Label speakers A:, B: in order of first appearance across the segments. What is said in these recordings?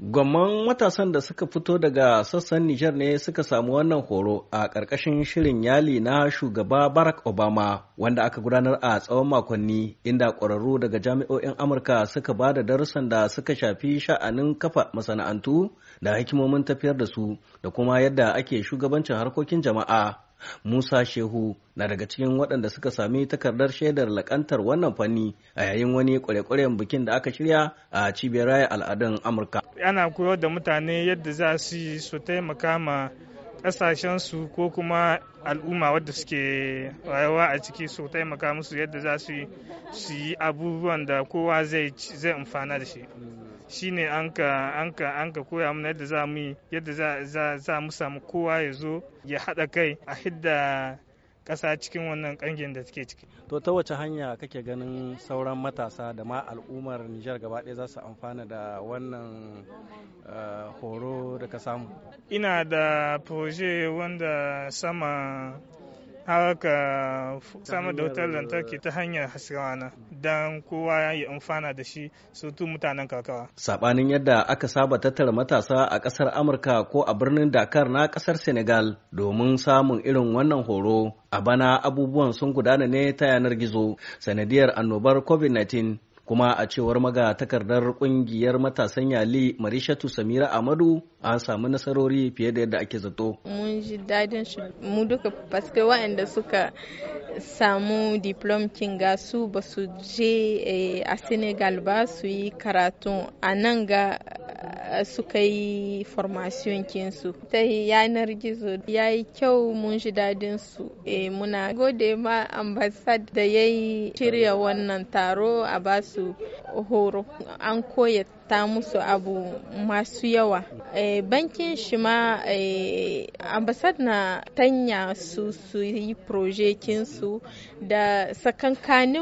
A: Gwamman matasan da suka fito daga sassan Nijar ne suka samu wannan horo a ƙarƙashin shirin yali na shugaba Barack Obama wanda aka gudanar a tsawon makonni inda ƙwararru daga jami'o'in Amurka suka ba da darussan da suka shafi sha'anin kafa masana'antu da hikimomin tafiyar da su da kuma yadda ake shugabancin harkokin jama'a. Musa Shehu na daga cikin waɗanda suka sami takardar shaidar lakantar wannan fanni a yayin wani kwale-kwalen bikin da aka shirya a cibiyar raya al'adun Amurka.
B: Ana koyar da mutane yadda za su yi su taimaka ma ƙasashensu ko kuma al'umma wadda suke rayuwa a ciki su taimaka musu yadda za su yi abubuwan da kowa zai amfana da shi. shine an ka an koya mana yadda za mu yadda za mu samu kowa ya zo ya haɗa kai a hidda ƙasa cikin wannan ƙangin da take ciki. To ta wace hanya kake
A: ganin sauran matasa da ma al'ummar Nijar gaba ɗaya za su amfana da wannan eh, horo da ka samu?
B: Ina da proje wanda sama haka samar da wutar lantarki ta hanyar hasirana don kowa ya yi amfana da shi surtu mutanen kakawa
A: Sabanin yadda aka saba tattara matasa a ƙasar Amurka ko a birnin Dakar na ƙasar Senegal domin samun irin wannan horo a bana abubuwan sun gudana ne ta yanar gizo sanadiyar annobar COVID-19 kuma a cewar maga takardar kungiyar matasan yali marishatu samira amadu an samu nasarori fiye da yadda ake zato
C: mun ji dadin shi mu duka paske waɗanda suka samu diplom kinga su ba su je eh, a senegal ba su yi karatu a nan ga suka yi formation kinsu ta yanar gizo ya yi kyau mun ji dadin su e, eh, muna gode ma ambassad da ya yi shirya wannan taro a basu horo an koya ta musu abu masu yawa Eh, bankin shi ma eh, ambasad na tanya su su yi projekinsu da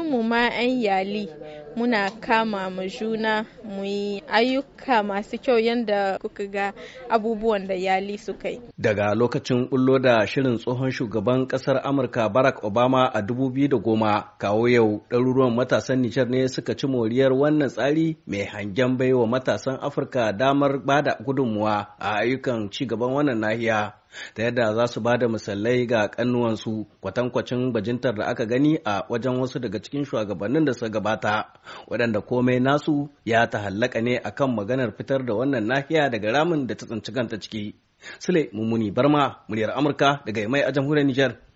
C: mu ma 'yan yali muna kama ma juna mu yi ayyuka masu kyau yadda kuka ga abubuwan da yali su kai.
A: Daga lokacin bullo da shirin tsohon shugaban kasar Amurka Barack Obama a 2010 kawo yau ɗaruruwan matasan Nijar ne suka ci moriyar wannan tsari mai hangen baiwa matasan Afirka damar bada gudunmu gudunmuwa a ayyukan ci gaban wannan nahiya ta yadda za su ba da misalai ga kannuwansu kwatankwacin bajintar da aka gani a wajen wasu daga cikin shugabannin da suka gabata waɗanda komai nasu ya hallaka ne a kan maganar fitar da wannan nahiya daga ramin da ta tsinci kanta ciki sule mummuni barma muryar amurka daga mai a jamhuriyar nijar